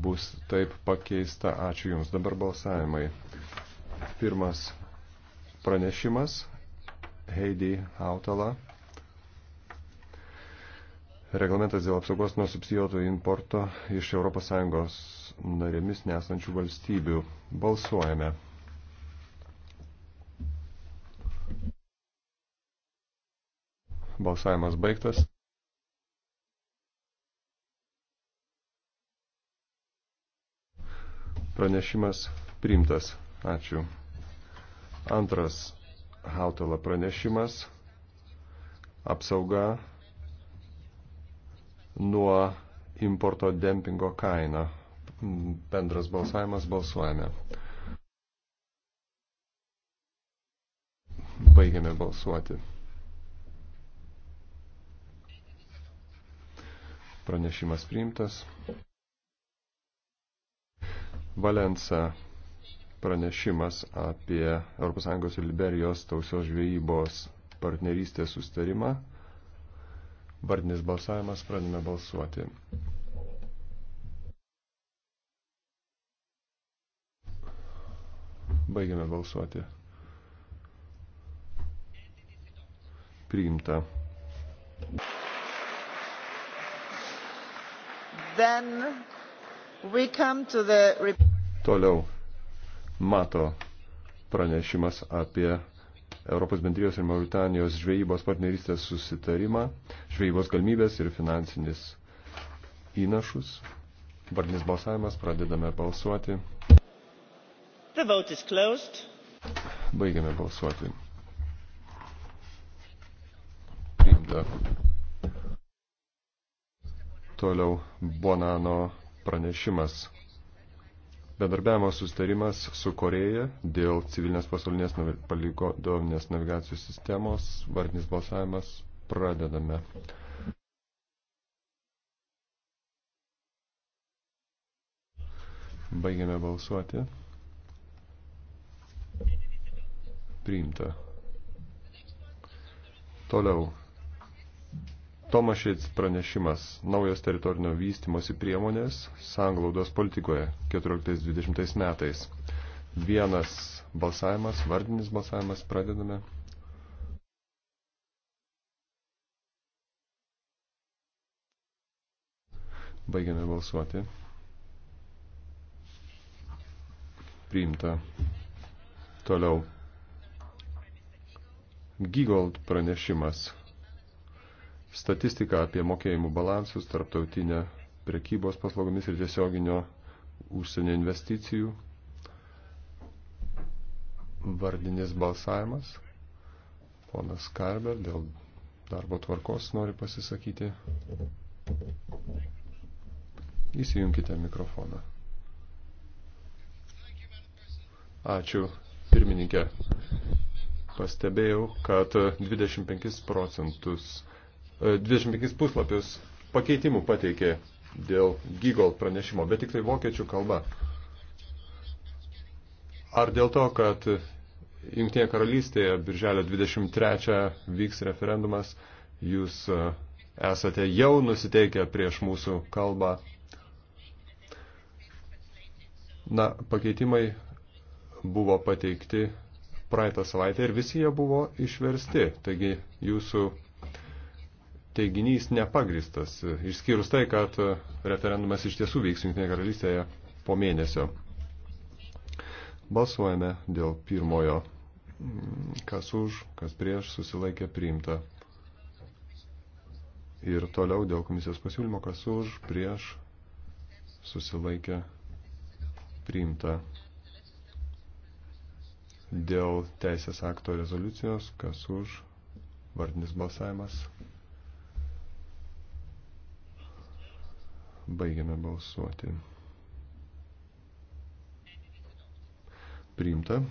bus taip pakeista. Ačiū Jums. Dabar balsavimai. Pirmas pranešimas. Heidi Hautala. Reglamentas dėl apsaugos nuo subsidijuotų importo iš ES narėmis nesančių valstybių. Balsuojame. Balsavimas baigtas. Pranešimas priimtas. Ačiū. Antras Hautala pranešimas. Apsauga nuo importo dempingo kaina. Bendras balsavimas balsuojame. Baigiame balsuoti. Pranešimas priimtas. Valensa pranešimas apie ES ir Liberijos tausios žvejybos partnerystės sustarimą. Vardinis balsavimas, pradėme balsuoti. Baigiame balsuoti. Priimta. Then we come to the report. Toliau mato pranešimas apie Europos bendrijos ir Mauritanijos žvejybos partnerystės susitarimą, žvejybos galimybės ir finansinis įnašus. Vardinis balsavimas, pradedame balsuoti. The vote is closed. Baigiame balsuoti. Priimta. Toliau Bonano pranešimas Bendarbiavimo sustarimas su Koreja dėl civilinės pasaulinės paliko duomenės navigacijos sistemos, vardinis balsavimas, pradedame. Baigiame balsuoti. Priimta. Toliau. Tomašic pranešimas naujos teritorinio vystimosi priemonės sanglaudos politikoje 14-20 metais. Vienas balsavimas, vardinis balsavimas, pradedame. Baigiame balsuoti. Priimta. Toliau. Gigold pranešimas statistiką apie mokėjimų balansus, tarptautinę prekybos paslaugomis ir tiesioginio užsienio investicijų. Vardinis balsavimas. Ponas Karber dėl darbo tvarkos nori pasisakyti. Įsijunkite mikrofoną. Ačiū, pirmininkė. Pastebėjau, kad 25 procentus 25 e, puslapius pakeitimų pateikė dėl Gigol pranešimo, bet tik tai vokiečių kalba. Ar dėl to, kad Jungtinėje karalystėje birželio 23 vyks referendumas, jūs e, esate jau nusiteikę prieš mūsų kalbą? Na, pakeitimai buvo pateikti praeitą savaitę ir visi jie buvo išversti. Taigi jūsų teiginys nepagristas, išskyrus tai, kad referendumas iš tiesų vyks Junktinėje karalystėje po mėnesio. Balsuojame dėl pirmojo, kas už, kas prieš, susilaikė priimta. Ir toliau dėl komisijos pasiūlymo, kas už, prieš, susilaikė priimta. Dėl teisės akto rezoliucijos, kas už, vardinis balsavimas. Baigiame balsuoti. Priimta.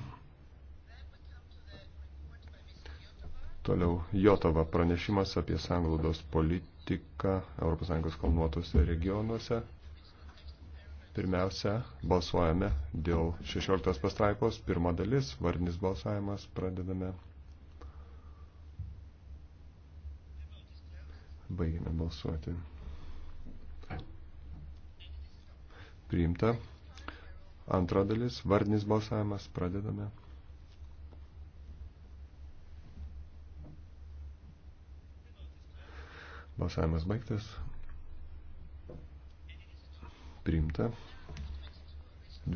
Toliau Jotova pranešimas apie sanglaudos politiką ES kalnuotose regionuose. Pirmiausia, balsuojame dėl 16 pastraipos, pirmo dalis, vardinis balsavimas, pradedame. Baigime balsuoti. Priimta. Antra dalis, vardinis balsavimas, pradedame. Balsavimas baigtas. Priimta.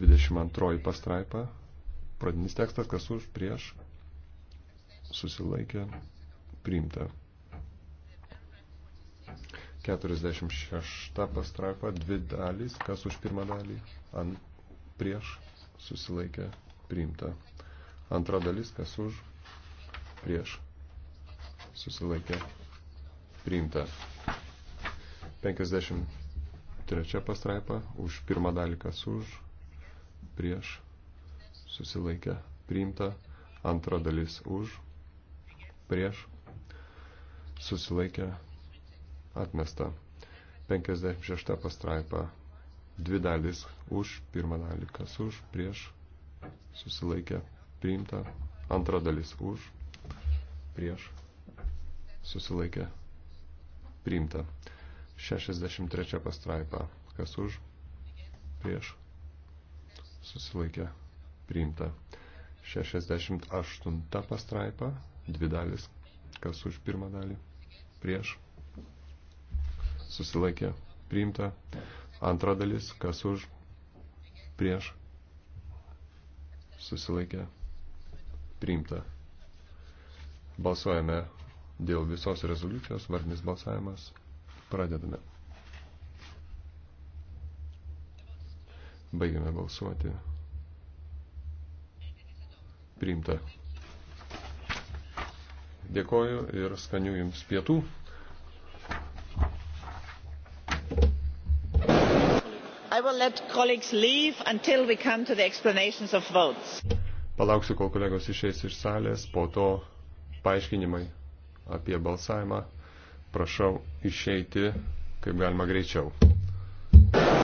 22 pastraipa. Pradinis tekstas, kas už, prieš, susilaikė, priimta. 46 pastraipa, dvi dalys, kas už pirmą dalį, ant, prieš, susilaikė, priimta. Antra dalis, kas už, prieš, susilaikė, priimta. 53 pastraipa, už pirmą dalį, kas už, prieš, susilaikė, priimta. Antra dalis, už, prieš, susilaikė, priimta Atmesta. 56 pastraipa. Dvi dalis. Už pirmą dalį. Kas už, prieš. Susilaikė. Priimta. Antra dalis. Už. Prieš. Susilaikė. Priimta. 63 pastraipa. Kas už, prieš. Susilaikė. Priimta. 68 pastraipa. Dvi dalis. Kas už pirmą dalį. Prieš susilaikė priimta. Antra dalis, kas už, prieš, susilaikė priimta. Balsuojame dėl visos rezoliucijos, vardinis balsavimas. Pradedame. Baigiame balsuoti. Priimta. Dėkoju ir skanių jums pietų. will let colleagues leave until we come to the explanations of votes. Palauksiu, kol kolegos išeis iš salės, po to paaiškinimai apie balsavimą. Prašau išeiti kaip galima greičiau.